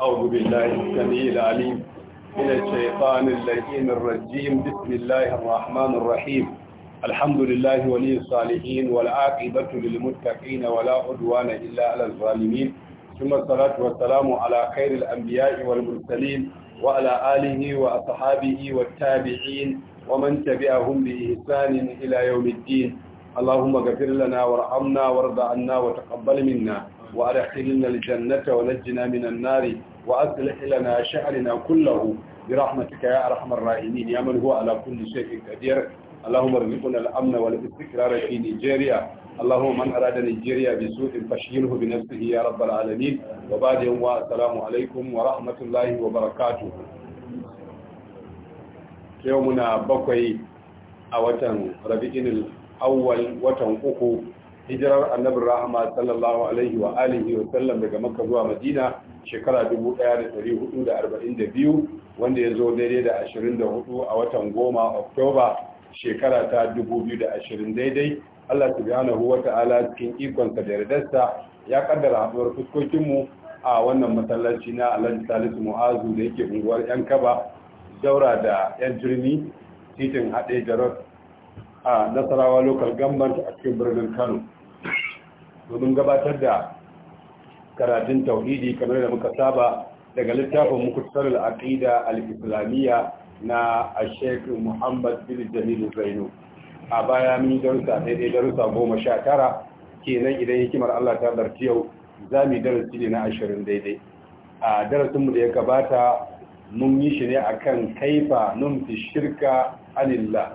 أعوذ بالله السميع العليم من الشيطان اللئيم الرجيم بسم الله الرحمن الرحيم الحمد لله ولي الصالحين والعاقبة للمتقين ولا عدوان إلا على الظالمين ثم الصلاة والسلام على خير الأنبياء والمرسلين وعلى آله وأصحابه والتابعين ومن تبعهم بإحسان إلى يوم الدين اللهم اغفر لنا وارحمنا وارض عنا وتقبل منا وأدخلنا الجنة ونجنا من النار وأصلح لنا شأننا كله برحمتك يا أرحم الراحمين يا من هو على كل شيء قدير اللهم ارزقنا الأمن والاستقرار في نيجيريا اللهم من أراد نيجيريا بسوء فشيله بنفسه يا رب العالمين وبعد يوم السلام عليكم ورحمة الله وبركاته يومنا بقي أوتن ربيعين الأول وتن أخو hijirar annabin rahama sallallahu alaihi wa alihi wa sallam daga makka zuwa madina shekara 1442 wanda ya zo daidai da 24 a watan goma oktoba shekara ta 2020 daidai allah subhanahu wa ta'ala cikin ikonsa da yardarsa ya kaddara haɗuwar fuskokinmu a wannan masallaci na alhaji salisu mu'azu da yake unguwar yan kaba daura da yan jirni titin haɗe jarot a nasarawa lokal government a cikin birnin kano domin gabatar da karatun tauhidi kamar da muka saba daga littafin mukutsar al'aqida al-islamiyya na Sheikh Muhammad bin Jamil Zainu a baya mun darussa daidai darussa goma sha tara kenan idan hikimar Allah ta barci yau za mu darasi ne na ashirin daidai a darasin mu da ya gabata mun yi shi ne akan kaifa fi shirka anillah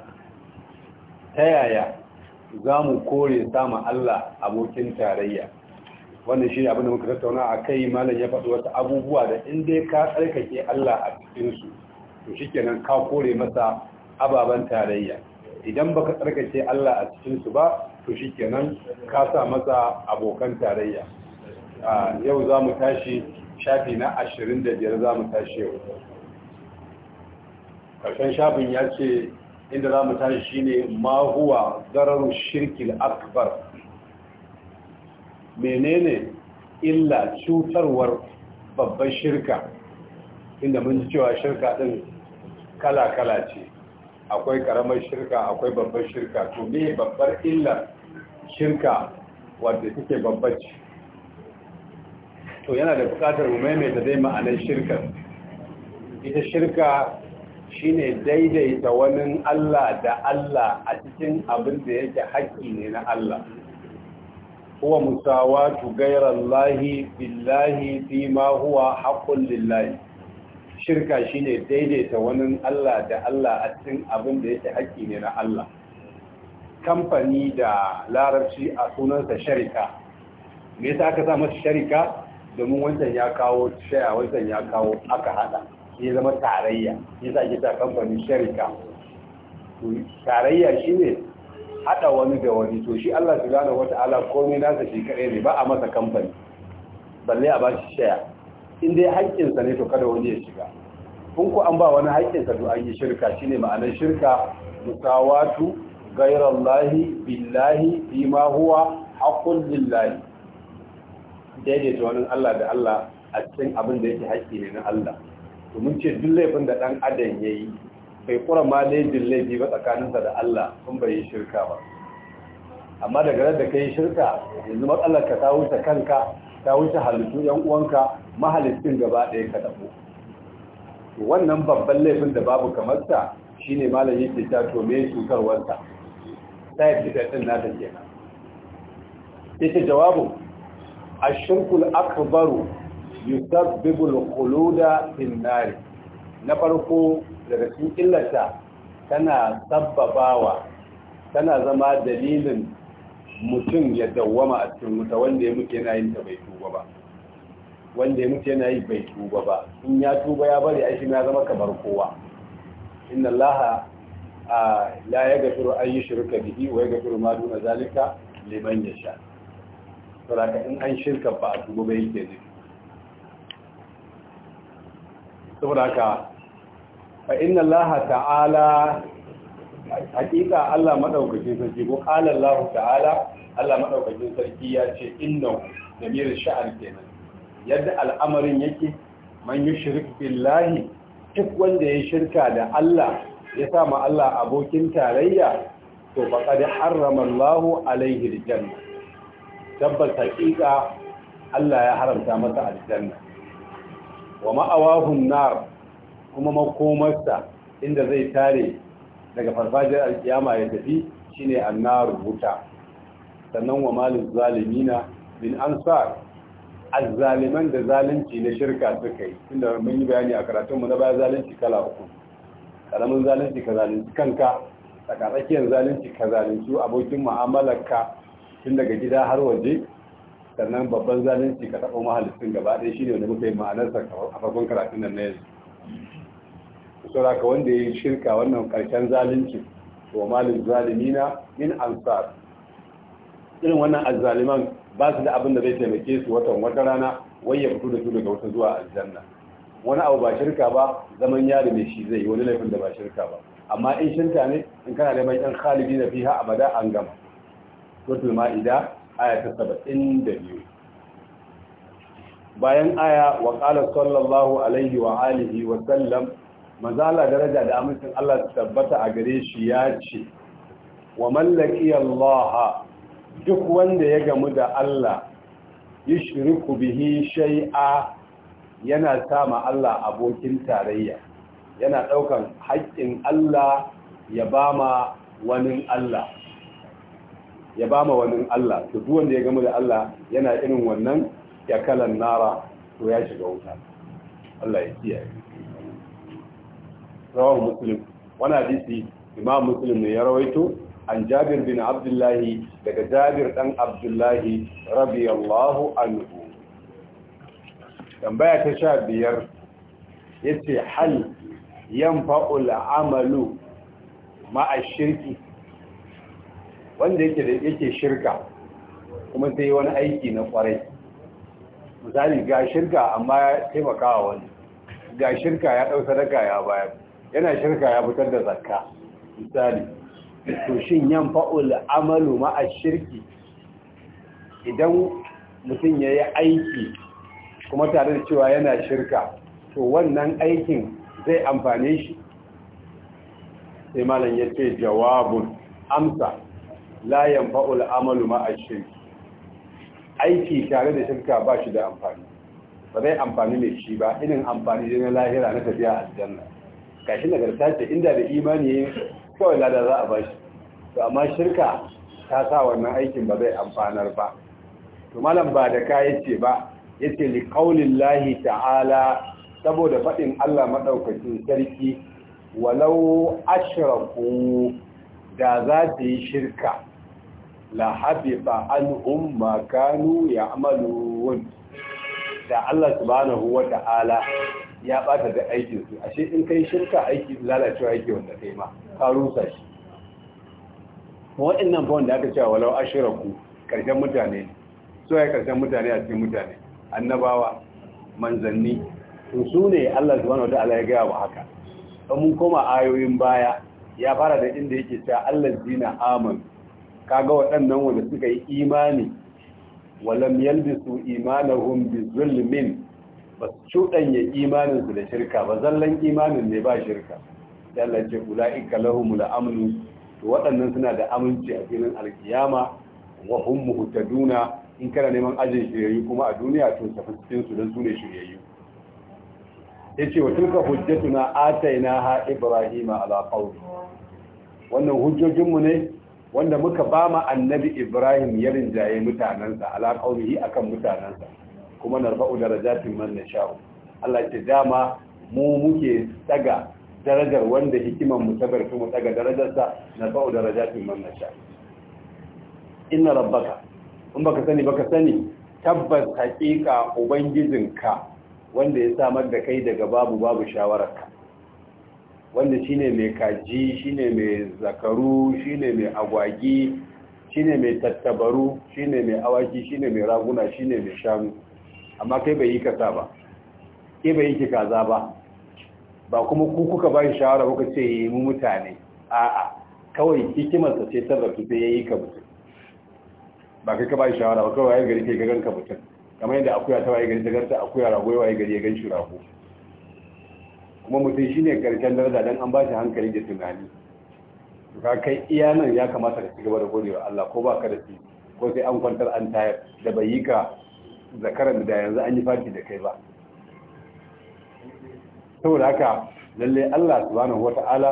ta yaya za mu kore sama Allah abokin tarayya wannan shi ne abin da muka tattauna a kai malam ya faɗi wasu abubuwa da in dai ka tsarkake Allah a cikinsu to shi kenan ka kore masa ababen tarayya idan baka tsarkake Allah a cikinsu ba to shi kenan ka sa masa abokan tarayya yau za mu tashi shafi na ashirin da biyar za mu tashi yau ƙarshen shafin ya ce inda za mu tashi shi ne ma huwa zararu shirkil akbar menene illa cutarwar babban shirka inda mun ji cewa shirka din kala-kala ce akwai karamar shirka akwai babbar shirka to me babbar illa shirka wadda take babbar ce to yana da bukatar da dai ma'anar shirka. ita shirka shine daidaita wani Allah da Allah a cikin abin da yake haƙƙi ne na Allah huwa musawatu gairallahi billahi fima huwa haqqun lillahi shirka shine daidaita wani Allah da Allah a cikin abin da yake haƙƙi ne na Allah kamfani da larabci a sunansa sharika me yasa aka sa masa sharika domin wancan ya kawo shaya wancan ya kawo aka hada ya zama tarayya yasa ake sa kamfanin sharika tarayya shine Haɗa wani da wani to shi Allah wata ala komai nasa shi kare ne ba a masa kamfani balle a bashi shaya in dai haƙƙin ne to kada wani ya shiga kun ku an ba wani haƙƙin sa to an yi shirka shine ma'anar shirka musawatu ghairallahi billahi ma huwa haqqul lillahi daidaita wani Allah da Allah a cikin abin da yake haƙƙi ne na Allah to mun ce duk laifin da dan adam yayi bai kura ma laifin laifi ba tsakaninsa da Allah kun bai yi shirka ba amma daga da ka yi shirka yanzu matsalar ka ta wuce kanka ta wuce halittu yan uwanka mahalittun gaba ɗaya ka tafi wannan babban laifin da babu kamar sa shine malam yake ta to me ta yi fitattin nata kenan ita jawabu ashirkul akbaru yusabbibul khuluda fin nar na farko daga cikin illata tana sabbabawa tana zama dalilin mutum ya dawwama a cikin wuta wanda ya mutu yana yin ta bai tuba ba wanda ya mutu yana yi bai tuba ba in ya tuba ya bari aishi na zama kamar kowa inna a la yaghfiru an yushrika bihi wa yaghfiru ma duna zalika liman sha saboda in an shirka ba a tuba bai yake ne saboda fa inna Allah ta'ala hakika Allah madaukakin sarki ko qala Allah ta'ala Allah madaukakin sarki ya ce innahu damir sha'ar kenan yadda al'amarin yake man yushrik billahi duk wanda ya shirka da Allah ya sa ma Allah abokin tarayya to faqad harrama Allah alaihi aljanna tabbas hakika Allah ya haramta masa aljanna wa ma'awahun nar kuma makomarsa inda zai tare daga farfajiyar alkiyama ya tafi shine annaru wuta sannan wa malin zalimina bin ansar azzaliman da zalunci na shirka suka yi da mun yi bayani a karatun mu na baya zalunci kala uku karamin zalunci ka zalunci kanka tsakatsakiyar zalunci ka zalunci abokin mu'amalarka tun daga gida har waje sannan babban zalunci ka taɓa mahalicin gaba ɗaya shine wanda muka yi ma'anarsa a farkon karatun nan na yanzu saboda ka wanda yayi shirka wannan karshen zalunci wa malin zalimina min ansar irin wannan azzaliman ba su da abin da zai taimake su watan wata rana wai ya fito da su daga wata zuwa aljanna wani abu ba shirka ba zaman yari ne shi zai yi wani laifin da ba shirka ba amma in shirka ne in kana neman yan khalidi na fiha abada an gama suratul ma'ida aya ta 72 bayan aya wa qala sallallahu alaihi wa alihi wa sallam mazala daraja da amincin Allah ta tabbata a gare shi ya ce wa mallaki Allah duk wanda ya gamu da Allah yushriku bihi shay'a yana sama Allah abokin tarayya yana daukan haƙƙin Allah ya bama wani Allah ya bama wani Allah to duk wanda ya gamu da Allah yana irin wannan ya kalan nara to ya shiga wuta Allah ya kiyaye rawar musulun wani hadisi imam musulun ne ya rawaito an jabir bin abdullahi daga jabir dan abdullahi radiyallahu anhu tambaya ta sha biyar ya ce hal yanfa'ul amalu ma'a shirki wanda yake da yake shirka kuma sai wani aiki na kwarai misali ga shirka amma ya taimaka wani ga shirka ya ɗau sadaka ya bayar yana shirka ya fitar da zakka misali to shin yan fa'ul amalu a shirki idan mutum ya yi aiki kuma tare da cewa yana shirka to wannan aikin zai amfane shi sai malam ya ce jawabun amsa layan fa'ul amalu ma a shirki aiki tare da shirka ba shi da amfani ba zai amfani mai shi ba irin amfani na lahira na tafiya aljanna gashi nagarta ce inda da imani kawai lada za a bashi to amma shirka ta sa wannan aikin ba zai amfanar ba to malam ba da ka yace ba yace li qaulillahi ta'ala saboda fadin Allah madaukakin sarki walau ashraku da za ta yi shirka la habiba anhum ma kanu ya'malun da Allah subhanahu wa ta'ala ya bata da aikin su ashe in kai shirka aiki lalacewa aiki wanda kai ma ka rusa shi waɗannan fa wanda aka cewa walau ashiraku karshen mutane so ya karshen mutane a cikin mutane annabawa manzanni to su ne Allah subhanahu ala ya gaya wa haka in mun koma ayoyin baya ya fara da inda yake cewa allazina Ka kaga waɗannan wanda suka yi imani walam yalbisu imanahum bi zulmin ba imanin imaninsu da shirka ba zallan imanin ne ba shirka yalla ce ula'ika lahumul amnu to waɗannan suna da aminci a filin alkiyama wa hum muhtaduna in kana neman ajin shiryayyu kuma a duniya to tafi cikin su dan sune shiryayyu yace wa tilka hujjatuna ha ibrahima ala qawli wannan hujjojin mu ne wanda muka ba ma annabi ibrahim ya rinjaye mutanansa ala qawlihi akan mutanansa kuma narfa'u darajatin man nasha'u Allah ya ce dama mu muke daga darajar wanda hikiman mu ta barki mu daga darajarsa narfa'u darajatin man nasha'u inna rabbaka in baka sani baka sani tabbas haƙiƙa ubangijinka wanda ya samar da kai daga babu babu shawararka wanda shine mai kaji shine mai zakaru shine mai agwagi shine mai tattabaru shine mai awaki shine mai raguna shine mai shanu amma kai bai yi kasa ba kai bai yi ki kaza ba ba kuma ku kuka ba shi shawara kuka ce yi mu mutane a'a kawai sa ce sarrafi sai ya yi ka mutum ba kai ka ba shi shawara ba kawai waye gari kai ga ganka mutum kamar yadda akuya ta waye gari ta ganta akuya rago ya waye gari ya gan shi rago kuma mutum shine karshen daraja dan an ba shi hankali da tunani ka kai iya nan ya kamata ka ci gaba da wa Allah ko ba ka da shi ko sai an kwantar an tayar da bai yi ka zakaran da yanzu an yi fati da kai ba saboda haka lalle Allah subhanahu wata'ala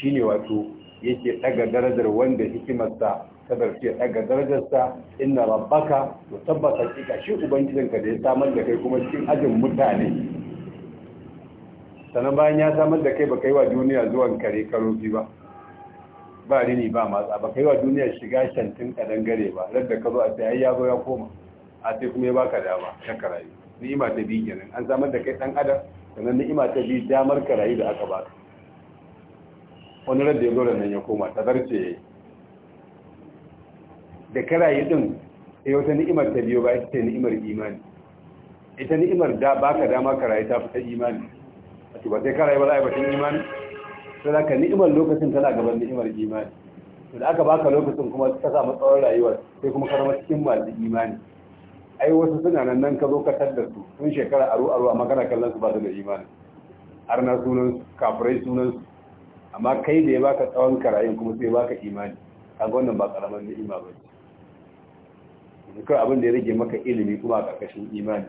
shine wato yake daga darajar wanda hikimarsa ta barci ya daga darajarsa inna rabbaka da tabbata kika shi ubangijinka da ya samar da kai kuma cikin ajin mutane sannan bayan ya samar da kai baka yi wa duniya zuwan kare karofi ba ba rini ba matsa baka yi wa duniya shiga shantin kadan gare ba ladda ka zo a sai ya zo ya koma a sai kuma ya baka dama ta karayi ni'ima ta biyu kenan an samar da kai dan adam sannan ni'ima ta biyu damar karayi da aka baka wani radda ya zo nan ya koma ta zarce da karayi din sai wata ni'imar ta biyo ba ita ce ni'imar imani ita ni'imar da baka dama karayi ta fita imani a ba sai karayi ba za a yi batun imani sai zaka ni'imar lokacin tana gaban ni'imar imani da aka baka lokacin kuma ka samu tsawon rayuwar sai kuma ka zama cikin masu imani ai wasu suna nan nan ka zo ka tar su sun shekara aru aru amma kana kallon su ba su da imani arna sunan kafirai sunan su amma kai da ya baka tsawon karayin kuma sai baka imani kaga wannan ba karaman ima ba ne kai abin da ya rage maka ilimi kuma a karkashin imani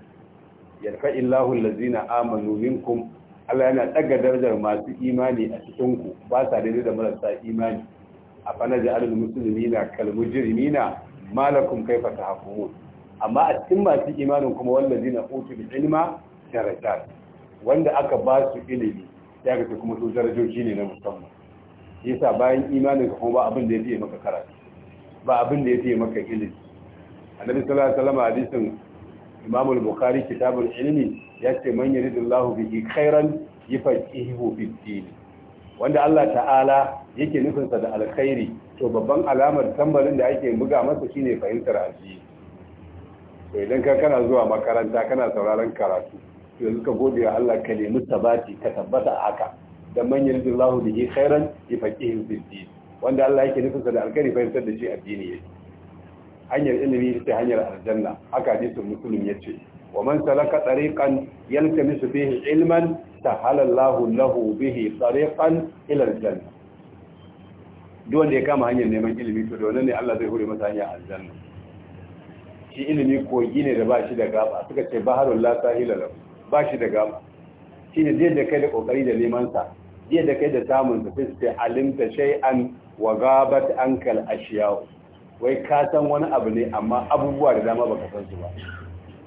yarfa illahu allazina amanu minkum Allah yana daga darajar masu imani a cikin ku ba sa daidai da marasa imani a fanaja alul muslimina kal mujrimina malakum kaifa tahkumun amma a cikin masu imanin kuma wallazi na otu da ilima daraja wanda aka ba su ilimi ya ga kuma su darajoji ne na musamman yasa bayan imanin ka kuma ba abin da ya fiye maka karatu ba abin da ya fiye maka ilimi annabi sallallahu alaihi wasallam hadisin imam al-bukhari kitabul ilmi ya ce man yuridullahu bihi khairan yufaqihu fid din wanda Allah ta'ala yake nufinsa da alkhairi to babban alamar tambarin da ake buga masa shine fahimtar addini to idan ka kana zuwa makaranta kana sauraron karatu to suka gode wa Allah ka nemi sabati ka tabbata a haka dan man da bihi khairan yafaqihu fid din wanda Allah yake nufinsa da alkhairi fahimtar da shi addini yake hanyar ilimi ita hanyar aljanna haka hadisin ya ce wa man salaka tariqan yaltamisu bihi ilman sahala Allahu lahu bihi tariqan ila aljanna duk wanda ya kama hanyar neman ilimi to da wannan ne Allah zai hure masa hanyar aljanna shi ilimi kogi ne da ba shi da gaba suka ce ba lasa ba shi da gaba shi ne zai da kai da kokari da neman sa zai da kai da samun da fi sai alimta an wa gabat ankal ashiya wai ka san wani abu ne amma abubuwa da dama baka san su ba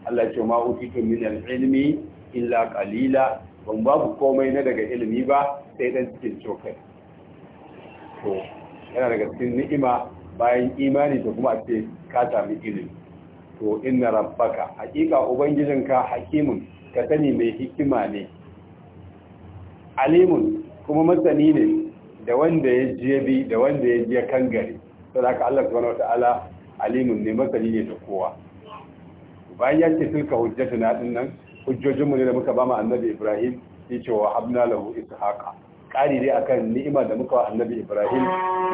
Allah ce ma utitu min al-ilmi illa qalila ban babu komai na daga ilimi ba sai dan cikin cokai to yana daga cikin ni'ima bayan imani da kuma a ce ka sami ilimi to inna rabbaka hakika ubangijinka hakimun ka sani mai hikima ne alimun kuma masani ne da wanda ya bi da wanda ya je kangare saboda Allah subhanahu wataala alimun ne masani ne da kowa bayan ya ce tilka hujjatuna din nan hujjojinmu ne da muka ba mu annabi Ibrahim yace wa habna lahu ishaqa kari dai akan ni'ima da muka wa annabi Ibrahim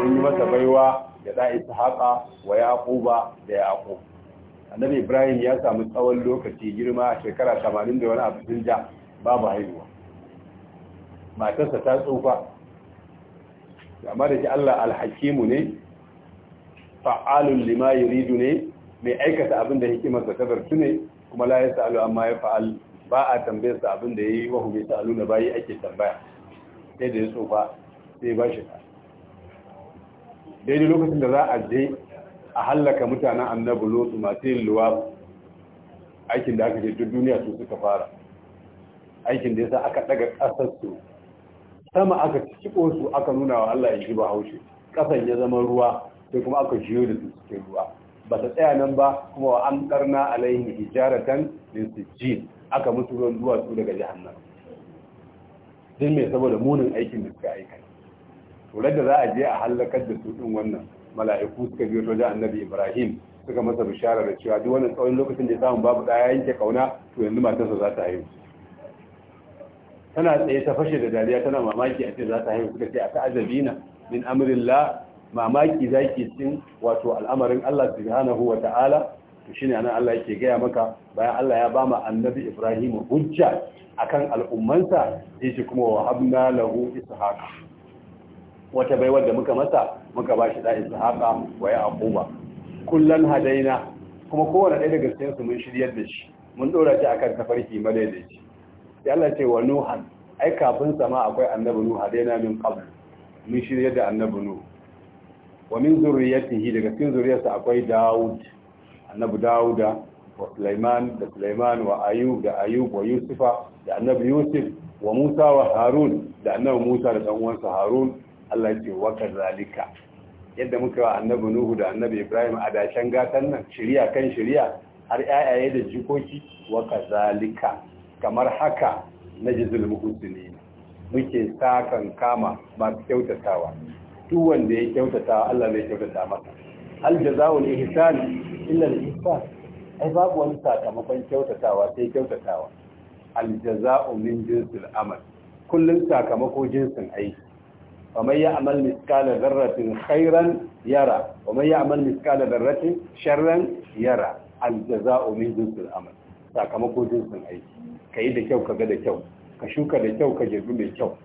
mun yi masa baiwa da da ishaqa wa yaquba da yaqub annabi ibrahim ya samu tsawon lokaci girma a shekara 80 da wani abu sun ja babu haihuwa matarsa ta tsufa amma da ke allah alhakimu ne fa'alun lima yuridu ne mai aikata abin da hikimarsa ta zartu ne kuma la ya sa'alu amma ya fa'al ba a sa abin da ya yi wahu bai sa'alu na bayi ake tambaya sai da ya tsufa sai ba shi ta daidai lokacin da za a je a hallaka mutanen annabu lotu masu yin luwa aikin da aka ce duk duniya su suka fara aikin da ya sa aka daga su sama aka ciko su aka nuna wa Allah ya ji ba haushe ƙasan ya zama ruwa sai kuma aka jiyo da su cikin ruwa ba ta tsaya nan ba kuma wa an ɗarna alaihi hijaratan min sijjin aka musu ruwan su daga jahannam din me saboda munin aikin da suka aika to da za a je a halakar da su din wannan mala'iku suka biyo wajen annabi ibrahim suka masa bishara da cewa duk wannan tsawon lokacin da ya samu babu ɗaya yanke kauna to yanzu matarsa za ta haihu tana tsaye ta fashe da dariya tana mamaki a ce za ta haihu suka ce a ta'ajabina min amrillah mamaki zaki cikin wato al'amarin Allah subhanahu wa ta'ala to shine anan Allah yake gaya maka bayan Allah ya bama annabi Ibrahim hujja akan al'ummansa yace kuma wa habna lahu ishaqa wata baiwar da muka masa muka ba shi da ishaqa wa yaquba kullan hadaina kuma kowane ɗaya daga cikin su mun shiryar da shi mun dora shi akan tafarki shi sai Allah ce wa nuha ai kafin sama akwai annabi nuha hadaina min qabl mun shiryar da annabi nuh wa min zurriyatihi daga cikin zuriyarsa akwai daud annabi dauda wa sulaiman da sulaiman wa ayub da ayub wa yusufa da annabi yusuf wa musa wa harun da annabi musa da dan uwansa harun Allah ce wa zalika yadda muka wa annabi Nuhu da annabi Ibrahim a dashen gatan nan shiriya kan shiriya har yayaye da jikoki wa zalika kamar haka najizul muhsinin muke sakan kama masu kyautatawa duk wanda ya kyautata Allah zai kyautata masa hal jazaa'ul ihsan illa al ihsan ai babu wani sakamakon kyautatawa sai kyautatawa al jazaa'u min jinsil amal kullun sakamako jinsin aiki ومن يعمل مثقال ذرة خيرا يرى ومن يعمل مثقال ذرة شرا يرى الجزاء من جنس العمل sakamako jinsin aiki ka yi da kyau ka ga da kyau ka shuka da kyau ka girbi mai kyau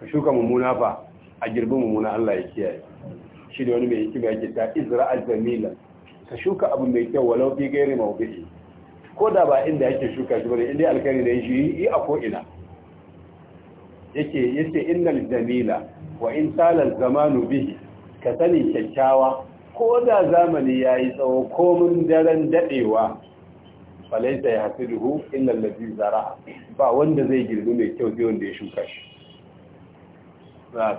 ka shuka mummuna fa a girbi mummuna Allah ya kiyaye shi da wani mai hikima yake ta izra'a jamila ka shuka abu mai kyau walau bi gairi ko da ba inda yake shuka inda yi a ko ina yake yace innal jamila wa in zama zamanu bihi ka sani kyakkyawa ko da zamani ya yi tsawo komin daren daɗewa falaita ya hafi duhu illan zara ba wanda zai girbi mai kyau zai wanda ya shuka shi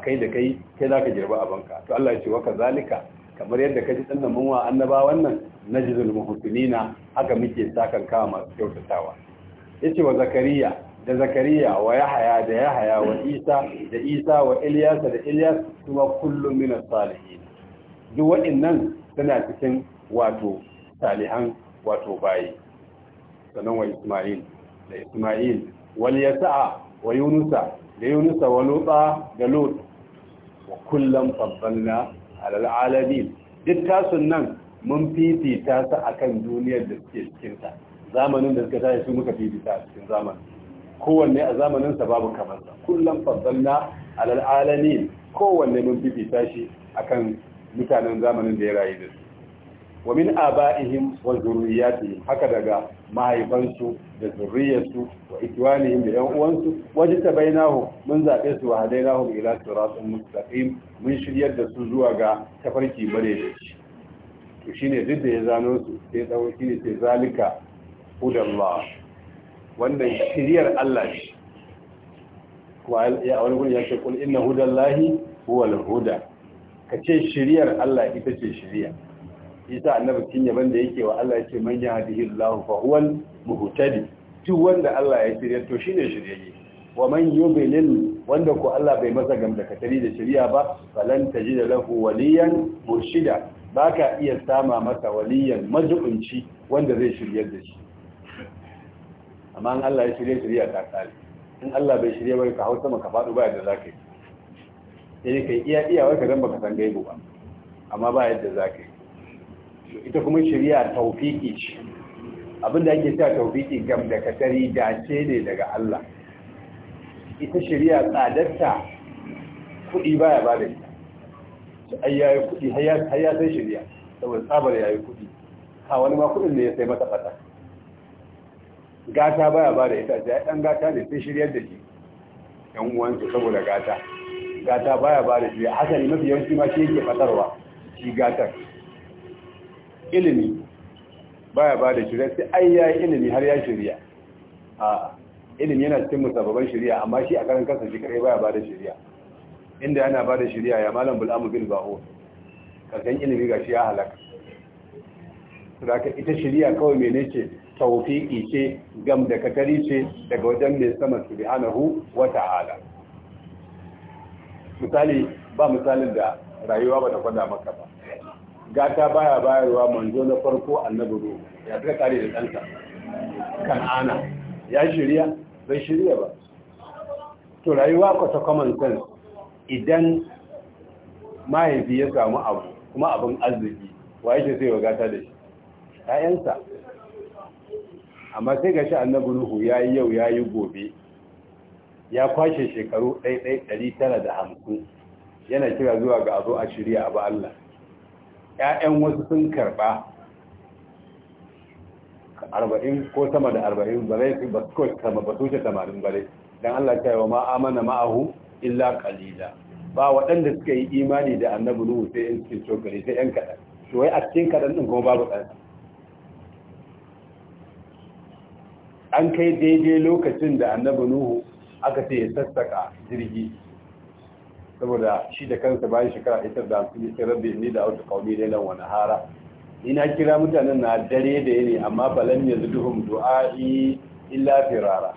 kai da kai kai za ka girba ka to Allah ya ce waka zalika kamar yadda ka ji ɗannan munwa annaba wannan na jizul muhutunina haka muke sakan kawa masu kyautatawa ya ce wa zakariya da zakariya wa yahaya da yahaya wa isa da isa wa ilyas da ilyas kuma kullum min salihin duk waɗannan suna cikin wato salihan wato bayi sanan wa isma'il da isma'il wal yasa'a wa yunusa da yunusa wa lutsa da lut wa kullum fabbalna alal alamin duk tasun nan mun fifita su akan duniyar da suke cikinta zamanin da suka tashi su muka fifita a cikin zamanin kowanne a zamaninsa babu kamarsa kullum faddalna alal alamin kowanne mun fifita shi akan mutanen zamanin da ya rayu da su wa min aba'ihim wa zurriyatihim haka daga mahaifansu da zurriyarsu wa ikwanihim da yan uwansu bai nahu. mun zabe su wa hadainahu ila siratin mustaqim mun shiryar da su zuwa ga tafarki bare da shi to shine duk da ya zano su sai dawo ne sai zalika hudallah wannan shiriyar Allah ne kuma a wani gudu ya ce kul inna hudallahi lahi huwal huda ka ce shiriyar Allah ita ce shiriya isa annabi kin yaban da yake wa Allah ce man yahdihi Allah fa huwa muhtadi Tu wanda Allah ya shirya to shine shiriyayye wa man yubilil wanda ko Allah bai masa tari da shiriya ba falan tajida lahu waliyan murshida baka iya sama masa waliyan majubunci wanda zai shiryar da shi amma in Allah ya shirya shirya ka tsari in Allah bai shirya bai ka hau sama ka faɗo ba yadda za ka yi sai kai ka yi iya iya wai ka dan baka san gaibu ba amma ba yadda za ka yi ita kuma shirya taufiki ce abinda ake cewa taufiki gam da katari dace ne daga Allah ita shirya tsadarta kuɗi baya ba da ita ai ya yi kuɗi har ya sai shirya saboda tsabar ya yi kuɗi ha wani ma kuɗin ne ya sai mata fata gata baya ba da ita ce ai dan gata ne sun shiryar da shi yan uwansu saboda gata gata baya ba da shi haka ne mafi yawanci ma shi yake fatarwa shi gatar ilimi baya ba da shirya sai ai ya yi ilimi har ya shirya a ilimi yana cikin musabbaban shirya amma shi a karan kansa shi kare baya ba da shirya inda yana ba da shirya ya malam bul'amu bil ba'o karshen ilimi ga shi ya halaka su da ita shirya kawai mene ce Taufiƙi ce gam da kakari ce daga wajen mai sama subhanahu ta'ala misali ba misalin da rayuwa ba ta kwada maka ba gata baya bayarwa manzo na farko annabi ruhu ya ta kare da ɗansa kan'ana ya shirya bai shirya ba to rayuwa ta common sense idan mahaifi ya samu abu kuma abin arziki wa yake sai wa gata da shi 'ya'yansa amma sai ga shi annabi ruhu ya yi yau ya yi gobe ya kwashe shekaru 1950 yana kira zuwa ga azo a shirya abu Allah ‘ya'yan wasu sun karɓa arba'in ko sama da arba'in ba zai ba su kawai sama ba su ce samarin bare don Allah ta yi wa ma'amana ma'ahu illa kalila ba waɗanda suka yi imani da annabi nuhu sai yan cikin cokali sai yan kaɗan shi wai a cikin kaɗan ɗin kuma babu ɗansa an kai daidai lokacin da annabi nuhu aka ce ya sassaka jirgi saboda shi da kansa bayan shekara ita da hamsin ya ce rabbi ni da auta kaumi lailan wani hara ina kira mutanen na dare da yini amma balan yanzu duhun du'a'i illa firara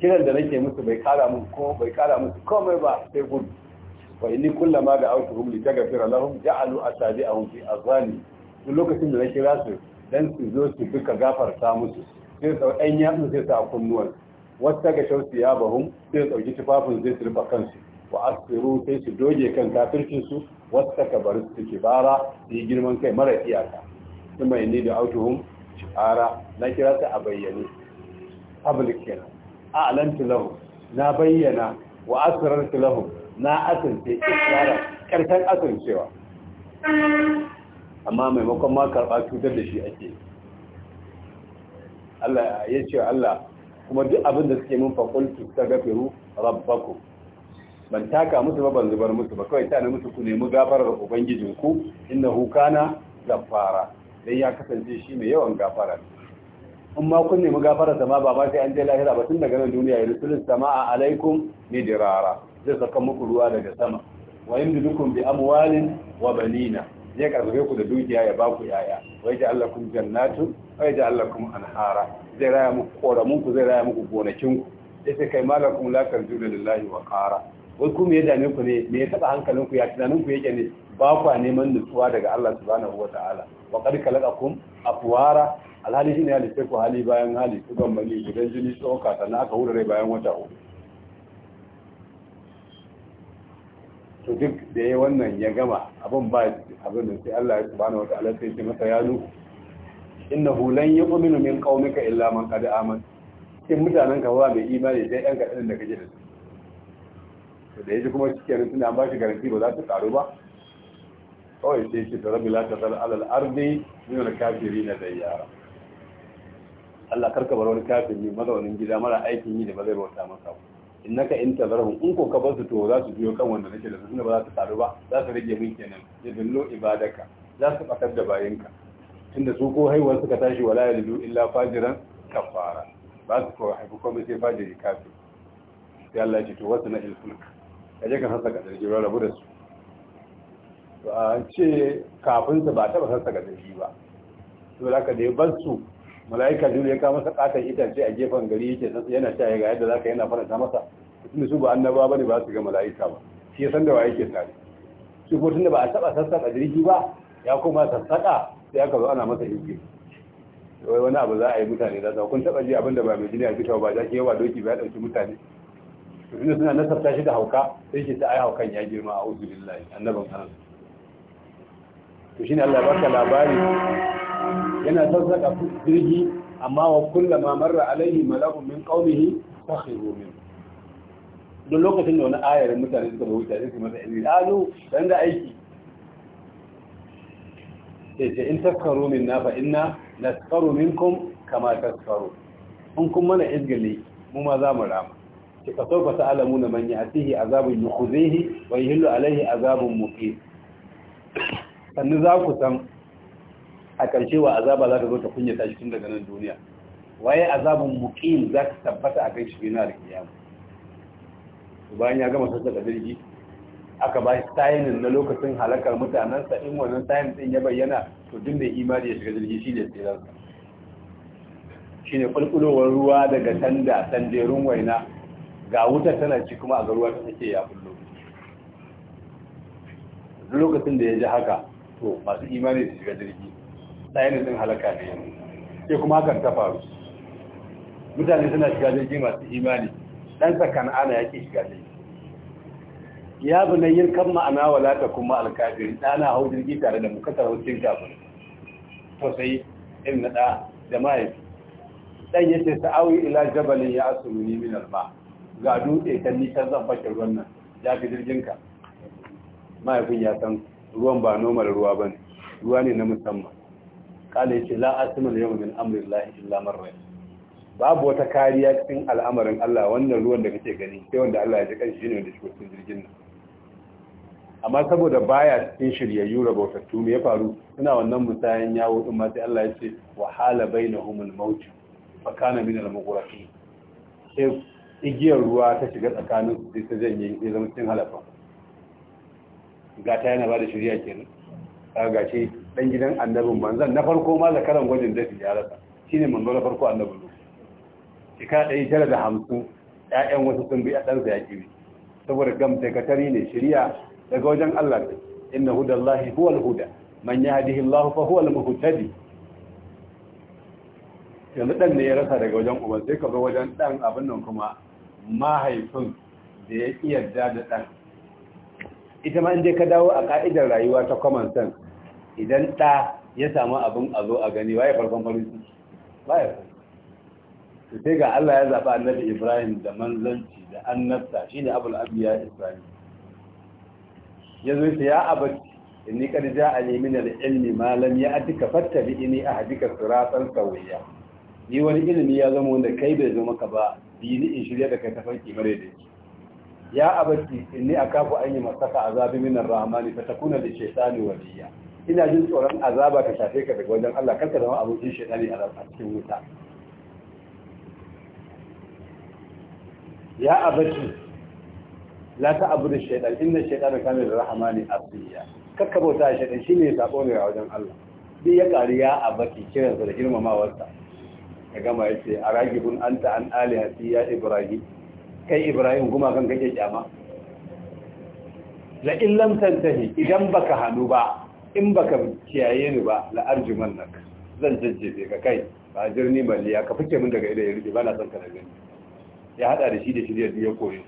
kiran da nake musu bai kara musu ko bai kara musu komai ba sai gudu wa inni kullama da auta autuhum li tagfira lahum ja'alu asabi'ahum fi azani duk lokacin da na kira su dan su zo su duka gafarta musu sai sau ɗan yatsun sai sa kunnuwan wasu ta ga shausu ya bahun sai ɗauki tufafin zai turba kansu wa asiru sai su doge kan kafircinsu wasu ta ka bari su bara su yi girman kai mara iyaka su mai ni da su shara na kira ta a bayyane public kenan a alantu lahu na bayyana wa asirar lahu na asirce ikirara ƙarshen asircewa amma maimakon ma karɓa cutar da shi ake yi Allah ya ce Allah kuma duk abin da suke mun faƙultu ta gafiru rabbaku ban taka musu ba ban zubar musu ba kawai tana musu ku nemi gafarar In inna hukana gafara dan ya kasance shi mai yawan gafara in ma kun nemi gafara sama ba ba sai an je lahira ba tun daga nan duniya ya rusulun sama'a alaikum dirara zai saka muku ruwa daga sama wa yamdudukum bi amwalin wa banina ya karbe ku da dukiya ya ba ku yaya wai ji Allah kun jannatu wai ji Allah kun anhara zai raya muku koramun ku zai raya muku gonakin ku sai kai malakum la karju lillahi wa qara wai ku me ya dame ku ne me ya taba hankalin ku ya tunanin ku yake ne ba ku neman nutsuwa daga Allah subhanahu wa ta'ala wa qad khalaqakum afwara alhali shine ya ku hali bayan hali tuban mali gidan jini tsoka sannan aka hura rai bayan wata uku to duk da ya wannan ya gama abin ba abin da sai Allah ya wa ta'ala sai ce masa ya nu innahu lan yu'minu min qaumika illa man qad amana cikin mutanen ka ba mai imani sai ɗan kaɗan da kaje da su da yaji kuma shi kenan tunda an ba shi garanti ba za ta karu ba kawai sai ce ta rabi ala alal arzi min al-kafirin na zayyara Allah karka bar wani kafiri mazaunin gida mara aikin yi da ba zai bauta masa ba innaka in tazarhum in ko ka basu to za su biyo kan wanda nake da su ne ba za su taru ba za su rage min kenan ya dillo ibadaka za su fakar da bayinka tunda su ko haihuwar suka tashi wala yalidu illa fajiran kafara ba su ko haifi komai sai fajiri kafin. sai Allah ya ce to wasu na ilfulk je ka sassa ka jirgin rabu da su to a ce kafin su ba taba sassa ka jirgi ba to da ka da ya bar su mala'ika jibril ya kawo masa katon itace a gefen gari yake yana shaye ga yadda zaka yana faranta masa tunda su ba annaba bane ba su ga mala'ika ba shi ya san da wa yake tare shi ko tunda ba a taba sassaka jirgi ba ya koma sassaka sai aka zo ana masa jirgi wai wani abu za a yi mutane da kun taba ji abinda ba mai jini a fitawa ba zaki yawa doki ba ya dauki mutane tunda suna nasarta shi da hauka sai ke ta ai haukan ya girma a uzu billahi annaban anan to shine Allah ya baka labari yana sassaka jirgi amma wa kullama marra alaihi malakun min qaumihi sakhiru min don lokacin da wani ayar mutane suka bauta sai su masa izini alu dan da aiki sai in taskaru na fa inna naskaru minkum kama taskaru in kun mana izgali mu ma za mu rama ki ka sauka ta alamu na man ya'tihi azabun yukhzihi wa yahillu alaihi azabun muqim sannu za ku san a ƙarshe wa azaba za ta zo ta kunyata shi tun daga nan duniya waye azabun muqim za ta tabbata a kan shi bina da kiyama bayan ya gama da jirgi aka ba shi sayinin na lokacin halakar mutanensa in wannan sayin din ya bayyana to duk mai imani ya shiga jirgi shi ne tsiransa shi ne kulkulowar ruwa daga tanda tanderun waina ga wutar tana ci kuma a garuwa ta take ya kullo lokacin da ya ji haka to masu imani su shiga jirgi ne sun halaka ne ke kuma hakan ta faru mutane suna shiga jirgi masu imani dan tsakan ana ke shiga jirgi ya bi na yin kan ma'ana walata kuma alkafiri ɗana hau jirgi tare da mukatar hutun kafin sai in na ɗa da mahaifi ɗan ya ce sa'awi ila jabalin ya asu ni min alba ga dutse ta nisan zan fashe ruwan nan ya fi jirginka mahaifin ya san ruwan ba nomar ruwa ba ne ruwa ne na musamman kala yace la asma al min amri llahi illa man babu wata kariya cikin al'amarin Allah wannan ruwan da kake gani sai wanda Allah ya ji kan shi ne da shi jirgin nan amma saboda baya cikin shiryayyu rabautattu me ya faru ina wannan musayan yawo din ma sai Allah ya ce wa hala bainahumul maut fa kana min al mughrafi sai igiyar ruwa ta shiga tsakanin su sai ta janye sai zama cikin halafa gata yana ba da shirya kenan ga ce. dan gidan annabin manzan na farko ma zakaran gwajin dafi ya rasa shine manzo na farko annabin lu shika ɗaya tara da hamsin ƴaƴan wasu sun bi ɗansa ya kiri saboda gam gamtakatari ne shirya daga wajen Allah ne inna hudallahi huwal huda man yahdihi Allah fa huwal muhtadi yanzu dan ne ya rasa daga wajen uban sai ka zo wajen dan abin nan kuma mahaifin da ya iya da dan ita ma in je ka dawo a ka'idar rayuwa ta common sense idan ɗa ya samu abin a zo a gani waye farkon farin su waye sai ga Allah ya zaɓi annabi Ibrahim da manzanci da annabta shi ne abul abiya Ibrahim ya zo ya in ni inni ja a nemi na ilmi fatta bi ini a hadika siratan sawiya ni wani ilimi ya zama wanda kai bai zo maka ba bi ni in shirya da kai ta farki mare da shi ya ni a kafu an yi masaka azabi rahama ne rahmani fatakuna da shaitani waliya ina jin tsoron azaba ta shafe ka daga wajen Allah kanka zama abokin shaitani a cikin wuta ya abaci la ta abu da shaitan inda shaitan ka da rahama ne asiya kakka bauta shaitan shine ya sabo ne a wajen Allah bi ya kari ya abaci kiransa da girmamawarsa ya gama ya ce a ragibin an ta an alihati ya ibrahim kai ibrahim kuma kan kake kyama la in lam tantahi idan baka hanu ba in ka kiyaye ni ba la arjuman nak zan jajjebe ka kai ba jirni maliya ka fice min daga idan ya ba na san ka da gani ya hada da shi da shirya ya koyi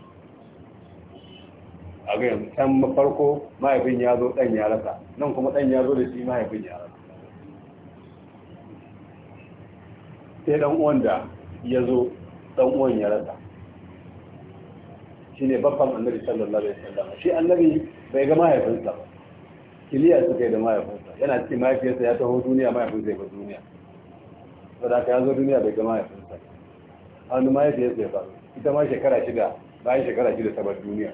a ga yanzu can farko mahaifin ya zo dan ya rasa nan kuma dan ya zo da shi mahaifin ya rasa sai dan uwan da ya zo dan uwan ya rasa shine babban annabi sallallahu alaihi wasallam shi annabi bai ga mahaifinsa ba kiliya su yi da mahaifinsa yana cikin mahaifinsa ya taho duniya mahaifin ya ba duniya saboda ka ya zo duniya bai ga mahaifinsa hannu mahaifinsa ya faru ita ma shekara shida bayan shekara shida ta bar duniya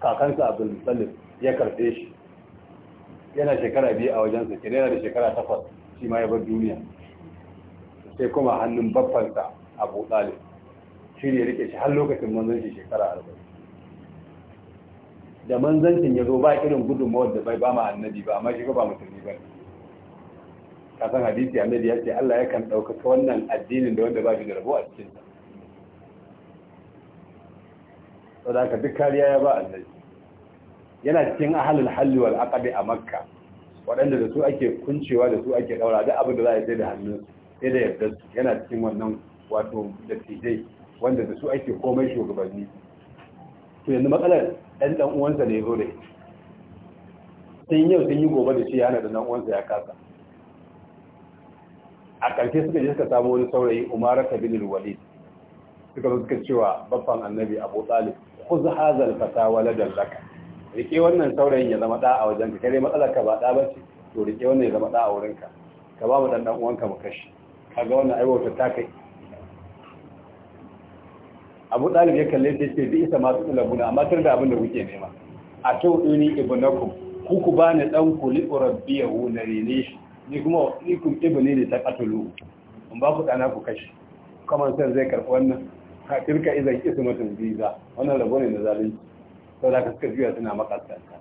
kakansa abdul musallim ya karfe shi yana shekara biyu a wajensa ke yana da shekara takwas shi ma ya bar duniya sai kuma hannun babbansa abu ɗalib shi ne rike shi har lokacin manzon shi shekara arba'in da manzancin ya zo ba irin gudunmawar da bai ba ma annabi ba amma shi ba musulmi ba ka san hadisi annabi ya ce Allah ya kan ɗaukaka wannan addinin da wanda ba shi da rabo a cikin sa da aka duk kariya ya ba annabi yana cikin ahalul halli wal a makka waɗanda da su ake kuncewa da su ake ɗaura duk abin da za a sai da hannu sai da yarda su yana cikin wannan wato da wanda da su ake komai shugabanni to yanzu matsalar ɗan ɗan uwansa ne zo da ita sun yau sun yi gobe da shi yana da ɗan uwansa ya kasa a ƙarshe suka je suka samu wani saurayi umar kabilin walid suka zo suka cewa babban annabi abu talib ku zu hazal fata da laka rike wannan saurayin ya zama ɗa a wajen ka kare matsalar ka ba ɗa ba ce to rike wannan ya zama ɗa a wurinka ka ba mu ɗan ɗan uwanka mu kashi ga wannan aiwata ta kai abu dalib ya kalle ta ce bi isa masu labuna amma tar da abin da kuke nema a to duni ibnaku ku ku ni dan ku li rabbiyahu na rene shi ni kuma ni kun ibni ne ta katulu in ba ku dana ku kashi kuma sai zai karbi wannan ka tilka idan ismatun biza wannan rabo ne na zalunci sau da suka juya suna makasanta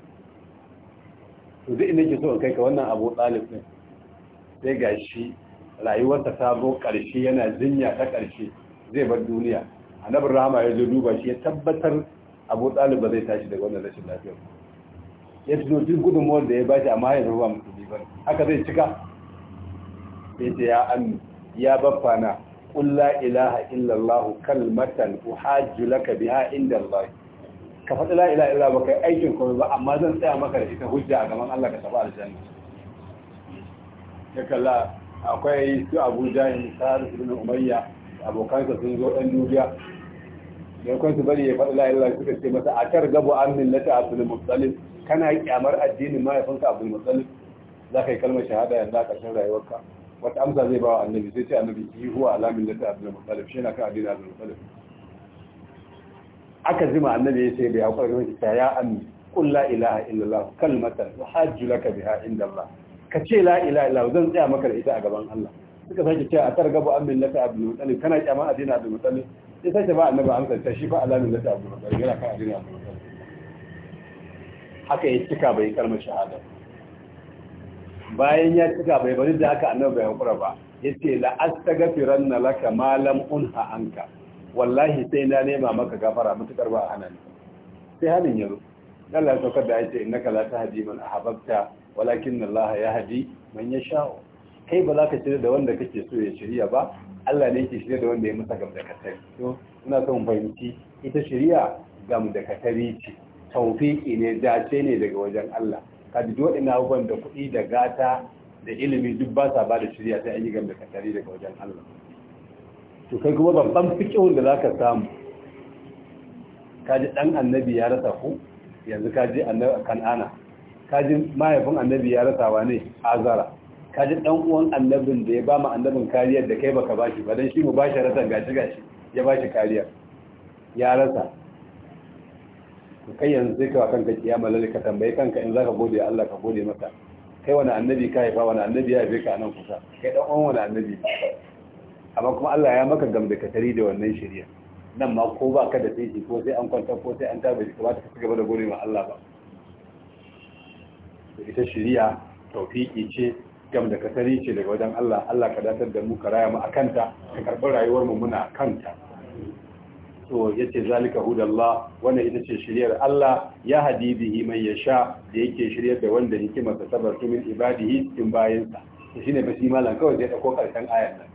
to duk inda ke so kai ka wannan abu ɗalib ɗin sai ga shi rayuwarsa ta zo ƙarshe yana jinya ta ƙarshe zai bar duniya annabin rahama ya je duba shi ya tabbatar abu talib ba zai tashi daga wannan rashin lafiyar ya tuno duk gudunmuwar da ya ba shi amma ya zama musulmi ba haka zai cika sai ce ya an ya baffana na la ilaha illallah kalmatan ku hajju laka biha inda allah ka faɗi la ilaha illa ba kai aikin kuma ba amma zan tsaya maka da ita hujja a gaban allah ka tafi aljanna ya kalla akwai su abu jahil sa'ad ibn umayya abokansa sun zo ɗan dubiya yankon su bari ya faɗi la'ila suka ce masa a kar gabo an millata abdul mutsalif kana kyamar addinin mahaifinka abdul mutsalif za ka yi kalmar shahada yanzu a ƙarshen rayuwarka wata amsa zai ba wa annabi sai ce annabi yi huwa ala millata abdul mutsalif shi na kan addinin abdul mutsalif aka zima annabi ya ce da bai haƙura ga ta ya ammi qul la ilaha illallah kalmatan uhajju laka biha inda Allah ka ce la ilaha illallah zan tsaya maka da ita a gaban Allah suka sake ce a targabu an millata abdul mutane kana kyama a dina abdul mutane ya sake ba annabi amsa ta shi ba alamin lata abu muttalib yana kan adina abdul mutane. haka ya cika bai kalmar shahada bayan ya cika bai bari da haka annabi bai hakura ba Ya ce la na laka malam lam unha anka wallahi sai na nema maka gafara mutukar ba hana ni sai halin yazo Allah ya saukar da yace innaka la tahdi man ahbabta walakin Allah yahdi man yasha'u kai ba za ka shirya da wanda kake so ya shirya ba Allah ne yake shirya da wanda ya masa gam da katari to ina son fahimci ita shirya gam da katari ce tawfiki ne dace ne daga wajen Allah ka ji waɗannan abubuwan da kuɗi da gata da ilimi duk ba sa ba da shirya sai an yi gam da katari daga wajen Allah to kai kuma babban fikihun da ka samu ka ji dan annabi ya rasa ku yanzu ka ji annabi kan'ana ka ji mahaifin annabi ya rasa wa ne azara ka ji dan uwan annabin da ya ba mu annabin kariyar da kai baka bashi ba dan shi mu bashi rasa gashi gashi ya bashi kariya ya rasa ku kai yanzu sai ka kanka kiyama lalle ka tambaye kanka in zaka gode Allah ka gode masa kai wani annabi ka haifa wani annabi ya haife ka nan kusa kai dan uwan wani annabi amma kuma Allah ya maka ka tari da wannan shari'a nan ma ko ba ka da sai shi ko sai an kwanta ko sai an tabe ka ba ta ci gaba da gode ma Allah ba ita shari'a tawfiki ce gam da ka sani ce daga wajen Allah Allah ka datar da mu ka raya mu akanta ka karɓi rayuwar mu muna kanta yace zalika hudallah wannan ita ce shiryar Allah ya hadibihi man yasha da yake shiryar da wanda hikimarsa tabartu min ibadihi cikin bayinsa to shine ba shi malam kawai zai dauko karshen ayar nan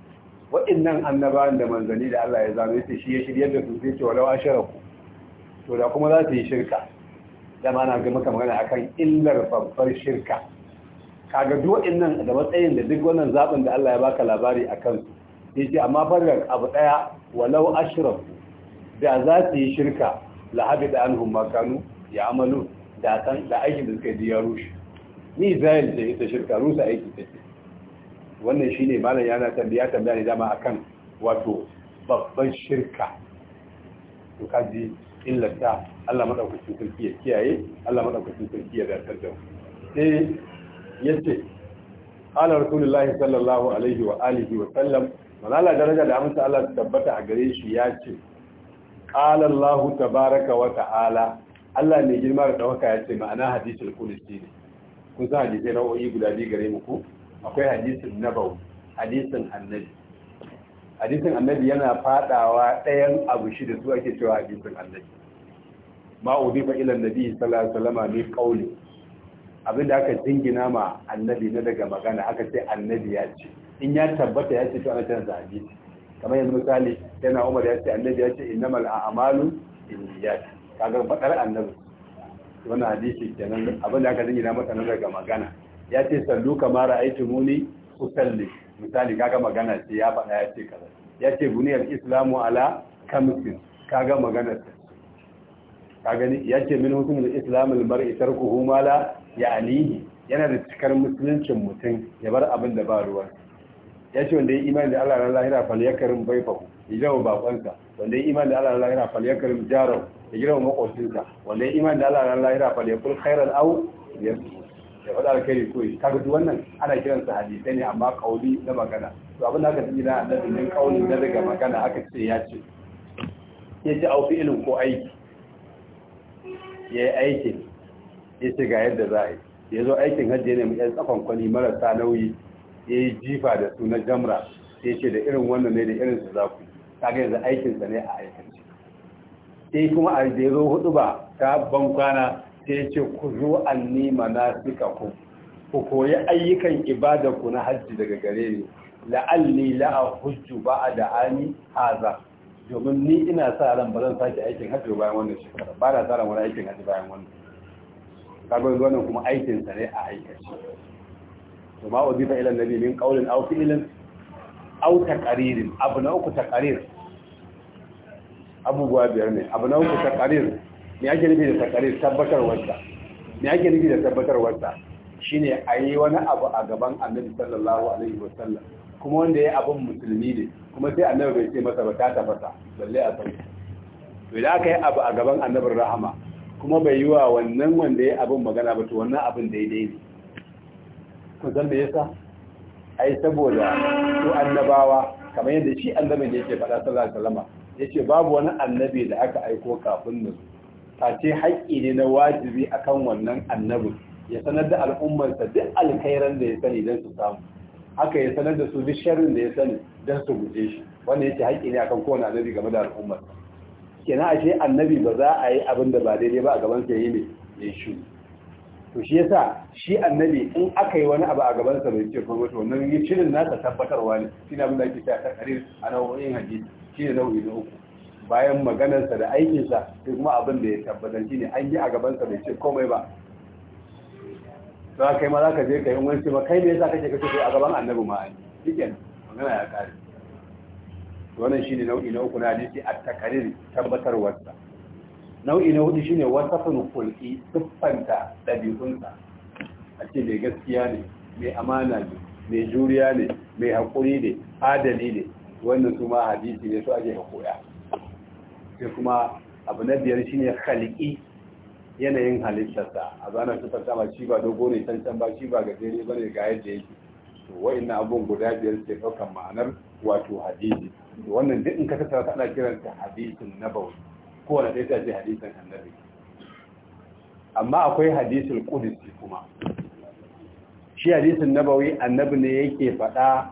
waɗannan annabawan da manzanni da Allah ya zama yace shi ya shiryar da su sai walau asharaku to da kuma za su yi shirka ana na ga maka magana akan illar babbar shirka kaga duwa'in nan da matsayin da duk wannan zaɓin da Allah ya baka labari a kansu ya ce amma farar abu ɗaya walau ashraf da za su yi shirka lahabi da an humma kanu ya amalu da san da aikin da suka yi ya rushe ni zayin da ita shirka rusa aiki ta ce wannan shi ne malam yana tambaya tambaya ne dama akan wato babban shirka to kaji illata Allah madaukakin sarki ya kiyaye Allah madaukakin sarki ya dakatar da sai yace ala rasulullahi sallallahu alaihi wa alihi wa sallam malala daraja da amsa Allah tabbata a gare shi yace qala Allah tabaaraka wa ta'ala Allah ne girma da dauka yace ma'ana hadisul qudsi ne kun san hadisi oyi guda biyu gare mu ko akwai hadisin nabawi hadisin annabi hadisin annabi yana fadawa ɗayan abu shi da su ake cewa hadisin annabi ma udifa ila annabi sallallahu alaihi sallama ne qauli abin da aka jingina ma annabi na daga magana aka ce annabi ya ce in ya tabbata ya ce to ana canza hadisi kamar yanzu misali yana umar ya ce annabi ya ce innamal a'malu binniyat kaga fadar annabi wannan hadisi kenan abin da aka jingina masa na daga magana ya ce sallu kama ra'aytumuni usalli misali kaga magana ce ya faɗa ya ce kaza ya ce buniyar islamu ala kamsin kaga magana ta gani ya ce min hukumin islamul mar'i tarkuhu ma la ya alihi yana da cikar musuluncin mutum ya bar abin da ba ruwa. ya ce wanda ya imani da Allah na lahira fal yakarim baifahu ya jawo bakonsa wanda ya imani da Allah na lahira fal jarau, jaro ya girma makocinsa wanda ya imani da Allah na lahira fal yakul khairan su. ya faɗa alkhairi ko kaga duk wannan ana kiran sa hadisai ne amma kauli na magana to abin da aka tsira na annabi din kauli na daga magana aka ce ya ce ya ce au fi'ilin ko aiki ya yi aikin ya ce ga yadda za a yi ya zo aikin hajji ne mai yan tsakon kwani marasa nauyi ya yi jifa da su na jamra ya ce da irin wannan ne da irin su za ku kaga yanzu aikinsa ne a aikance yi kuma a da ya zo hudu ba ta ban kwana sai ya ce ku zo nima na suka ku ku koyi ayyukan ku na hajji daga gare ni la'alli la'a hujju ba da ani haza domin ni ina sa ran ba zan sake aikin hajji bayan wannan shekara ba na sa ran wani aikin hajji bayan wannan kagon wannan kuma aikin ne a aikace to ma zifa ilan nabi min qawlin aw fi'lin au taqririn abu na uku taqrir abubuwa biyar ne abu na uku taqrir me ake nufi da taqrir tabbatar wata. me ake nufi da tabbatar sa shine ayi wani abu a gaban annabi sallallahu alaihi wasallam kuma wanda ya abin musulmi ne kuma sai annabi bai ce masa ba ta tafasa balle a sauki to idan aka yi abu a gaban annabar rahama kuma bai yi wa wannan wanda ya abin magana ba to wannan abin daidai ne ku zan me yasa ai saboda su annabawa kamar yadda shi annabin yake faɗa sallallahu alaihi wasallam yace babu wani annabi da aka aiko kafin nan face haƙƙi ne na wajibi akan wannan annabi ya sanar da sa duk alkhairan da ya sani don su samu haka ya sanar da su duk sharrin da ya sani don su guje shi wannan yace haƙƙi ne akan kowane annabi game da al'ummarsa kenan ashe annabi ba za a yi abin da ba daidai ba a gaban sa yi ne ya shi to shi yasa shi annabi in aka yi wani abu a gaban sa bai ce ko wato wannan yi shirin nasa tabbatarwa ne shi na da ta takarir a nau'in hadisi shi ne nau'i na uku bayan maganarsa da aikinsa sai kuma abin da ya tabbatar shi ne an yi a gaban sa bai ce komai ba za kai ma za ka je ka yi wani ce ma kai ne yasa kake kace a gaban annabi ma ai shikenan magana ya kare wannan shine nau'i na uku na hadisi a takarir tabbatar wasa nau'i na hudu shine wasafun kulki siffanta dabi'unsa a ce mai gaskiya ne mai amana ne mai juriya ne mai haƙuri ne adali ne wannan su ma hadisi ne su ake koya sai kuma abu na biyar shine khalqi yanayin halittarsa a zanar su sama shi ba dogo ne can can ba shi ba gajere ba ne ga yadda yake to wa'in na abun guda biyar ke ɗaukar ma'anar wato hadisi wannan duk in ka tattara ta ana kiranta hadisin nabawi kowane ɗaya ta ce hadisin annabi amma akwai hadisin qudsi kuma shi hadisin nabawi annabi ne yake faɗa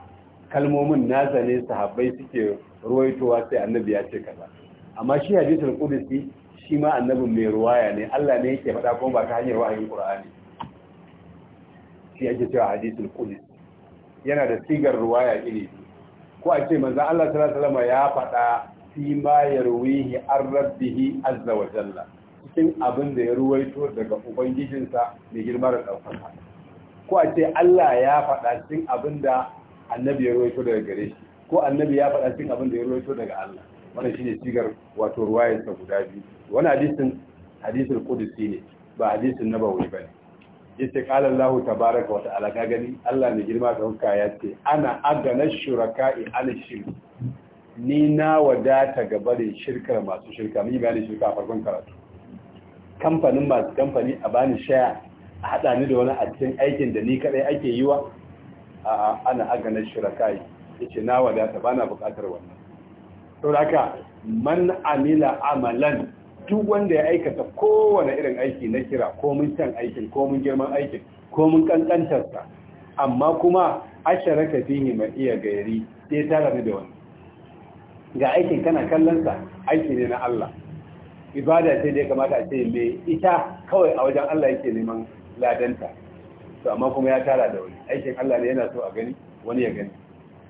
kalmomin nasa ne sahabbai suke ruwaitowa sai annabi ya ce kaza amma shi hadisin qudsi shi ma annabi mai ruwaya ne Allah ne yake faɗa kuma ba ta hanyar wa'ayin Qur'ani shi ake cewa hadisin qudsi yana da sigar ruwaya iri ko a ce manzan Allah sallallahu ya faɗa fi ma yarwihi an rabbihi azza wa jalla cikin abin da ya ruwaito daga ubangijinsa mai girma da ɗaukaka ko a ce Allah ya faɗa cikin abin da annabi ya ruwaito daga gare shi ko annabi ya faɗa cikin abin da ya ruwaito daga Allah wannan shine sigar wato ruwayarsa guda biyu wannan hadisin hadisul qudsi ne ba hadisin nabawi bane yace qala Allahu tabaaraka wa ta'ala ka gani Allah ne girma ga hukka yace ana adana shuraka'i al-shirk ni na wadata gaba da shirkar masu shirka yi bayani shirka a farkon karatu kamfanin masu kamfani a bani shaya a hada ni da wani a cikin aikin da ni kadai ake yiwa wa a ana adana shuraka'i yace na wadata bana bukatar wannan to haka man amila amalan duk wanda ya aikata kowane irin aiki na kira ko mun can aikin ko mun girman aikin ko mun kankantarsa amma kuma asharaka fihi mai iya gairi sai ta rabu da wani ga aikin kana kallonsa aiki ne na Allah ibada sai dai kamata a ce me ita kawai a wajen Allah yake neman ladanta to amma kuma ya tara da wani aikin Allah ne yana so a gani wani ya gani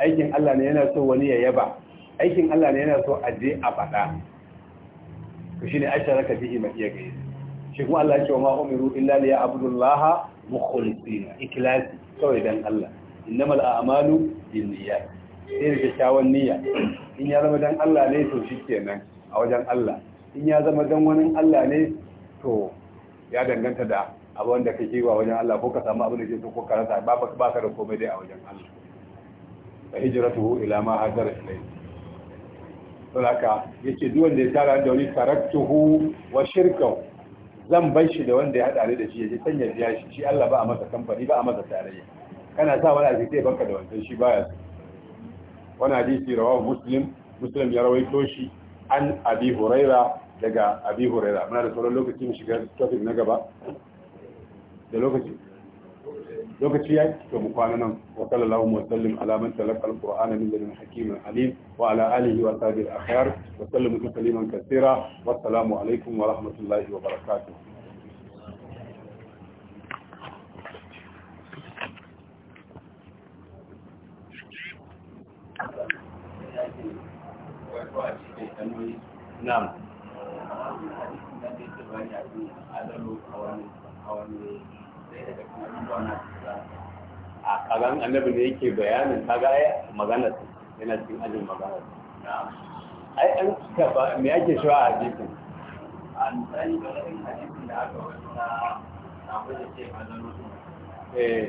aikin Allah ne yana so wani ya yaba aikin Allah ne yana so a je a faɗa to shine asharaka bihi ma iya gaye shi kuma Allah ya ce ma umiru illa li ya'budullaha mukhlisin ikhlasi kawai dan Allah innamal a'malu binniyat sai da kyakkyawan niyya in ya zama dan Allah ne to shikenan a wajen Allah in ya zama dan wani Allah ne to ya danganta da abu wanda kake wa wajen Allah ko ka samu abu da jinsu ko ka rasa ba ka da komai dai a wajen Allah fa hijratuhu ila ma hadara ilayhi saboda yace duk wanda ya tara da wani taraktuhu wa shirka zan bar shi da wanda ya hada da shi ya je sanya biya shi shi Allah ba a masa kamfani ba a masa tarayya kana sa wani hadisi sai banka da wancan shi baya wani hadisi rawahu muslim muslim ya rawaito shi an abi huraira daga abi huraira muna da sauran lokacin shiga topic na gaba da lokaci لوكتي ياي كمقالنا وصلى اللهم وسلم على من تلقى القران من الذين حكيم عليم وعلى اله وصحبه الاخيار وسلم تسليما كثيرا والسلام عليكم ورحمه الله وبركاته نعم هذا kagan annabi ne yake bayanin kaga ai maganar yana cikin ajin maganar ai an ka me yake shawa a hadisin an sai da hadisin da aka wata na da ce maganar eh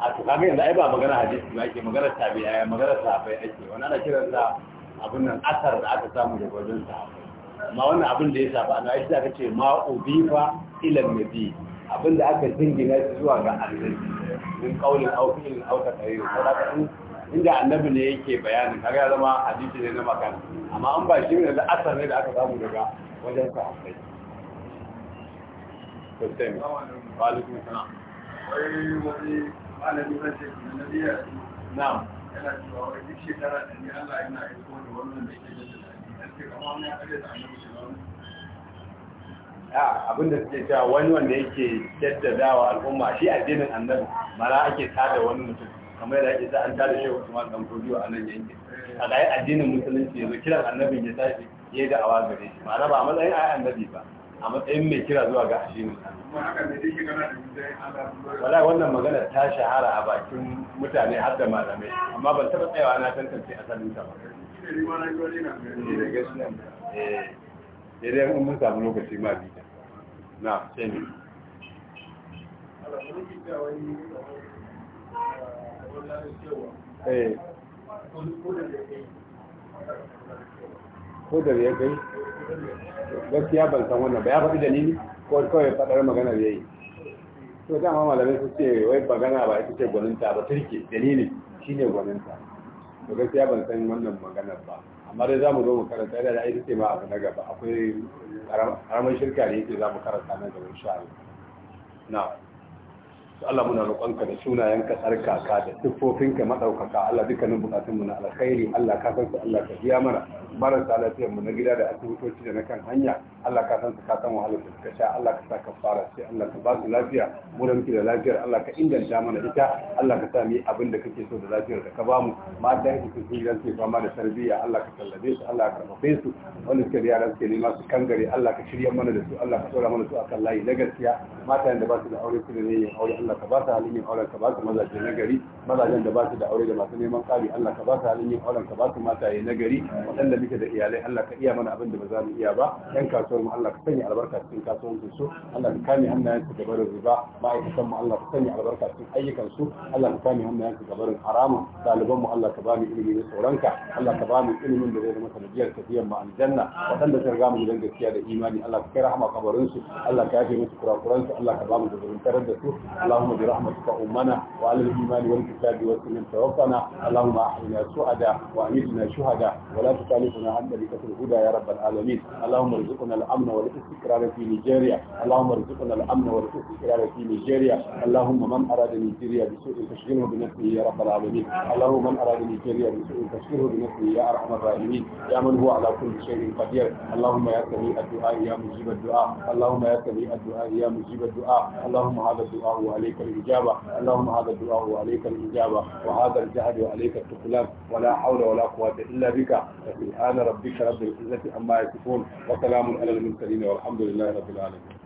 a to kaga yanzu ai ba magana hadisi ba ake magana tabi'a eh, magana sahabbai ake wani ana kiran sa abin nan asar da aka samu daga wajen sa amma wannan abin da ya saba ana shi ka ce ma ubifa ila nabi abin da aka jingina zuwa ga annabi min qawlin aw fi'lin aw taqrir saboda inda annabi ne yake bayani kaga zama hadisi ne na makana amma an ba shi ne da asar ne da aka samu daga wajen sahabbai to sai wa alaikum salam wai wani malami na ce na biya na'am yana cewa wai duk shekara da ni Allah yana aiko da wannan da yake da shi kamar ne a da annabi abinda suke cewa wani wanda yake jaddadawa al'umma shi addinin annabi mara ake tada wani mutum kamar yadda ake an tada shi Usman dan Kodiyo a nan yankin a ga addinin musulunci yanzu kiran annabin ya tashi ya da awa gare shi ma'ana ba a matsayin ayi annabi ba a matsayin mai kira zuwa ga ne wala wannan magana ta shahara a bakin mutane har da malamai amma ban taɓa tsayawa na tantance asalin ta ba eh, daidai eh, in mun samu lokaci ma biyu na sai kodar eh. ya kai gaskiya ban san wannan ba ya faɗi dalili ko kawai faɗar maganar ya yi to dama malamai su ce wai magana ba ita ce gwaninta ba turke dalili shine gwaninta to gaskiya ban san wannan maganar ba amma dai za mu zo mu karanta da da ita ce ma abu na gaba akwai karamar shirka ne yake za mu karanta nan gaba insha Allah na'am Allah muna roƙonka da sunayenka tsarkaka da siffofinka maɗaukaka Allah dukkanin buƙatunmu na alkhairi Allah ka san su Allah ka biya mana marasa lafiyar mu na gida da asibitoci da na kan hanya Allah ka san su ka san wahalar da suka sha Allah ka sa ka fara sai Allah ka ba su lafiya mu da muke da lafiyar Allah ka inganta mana ita Allah ka sa mu abin da kake so da lafiyar da ka ba mu matan su sun gidan su fama da tarbiyya Allah ka tallabe su Allah ka karfafe su Wani suke da yara suke nema su kangare Allah ka shirya mana da su Allah ka tsora mana su akan layi na gaskiya matan da ba su da aure su da ne aure Allah ka ba su halin yin auren ka ba su mazaje na gari mazajen da ba su da aure da masu neman ƙari Allah ka ba su halin yin auren ka ba su mataye na gari waɗanda muke da iyalai Allah ka iya mana abin da ba za mu iya ba yan kasuwar mu Allah ka sanya albarka cikin kasuwancin su Allah ka kame hannayen su gabarin riba ma'aikatan mu Allah ka sanya albarka cikin ayyukan su Allah ka kame hannayen su gabarin haramun ɗaliban mu Allah ka ba mu ilimi na tsoronka Allah ka ba mu ilimin da zai zama sanadiyar tafiyar mu aljanna waɗanda sun riga mu gidan gaskiya da imani Allah ka kai rahama kabarin su Allah ka yafe musu kurakuran su Allah ka ba mu da zaluntarar da su Allah اللهم برحمتك أمنا وعلى الإيمان والكتاب والسنة توفنا اللهم أحينا سعدا وأمتنا شهدا ولا تخالفنا عن ذلك الهدى يا رب العالمين اللهم ارزقنا الأمن والاستقرار في نيجيريا اللهم ارزقنا الأمن والاستقرار في نيجيريا اللهم من أراد نيجيريا بسوء فاشغله بنفسه يا رب العالمين اللهم من أراد نيجيريا بسوء فاشغله بنفسه يا أرحم الراحمين يا من هو على كل شيء قدير اللهم يا سميع الدعاء يا مجيب الدعاء اللهم يا سميع الدعاء يا مجيب الدعاء اللهم هذا الدعاء عليك وعليك الإجابة اللهم هذا الدعاء وعليك الإجابة وهذا الجهد وعليك التقلام ولا حول ولا قوة إلا بك سبحان ربك رب العزة عما يصفون وسلام على المرسلين والحمد لله رب العالمين